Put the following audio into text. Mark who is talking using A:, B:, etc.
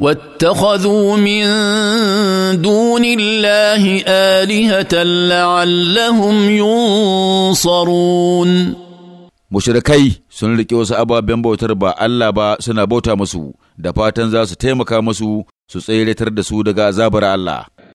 A: واتخذوا من دون الله آلهة
B: لعلهم ينصرون mushrikai sun riƙe wasu ababen bautar ba Allah ba suna bauta musu da fatan za su taimaka musu su tseratar da su daga azabar Allah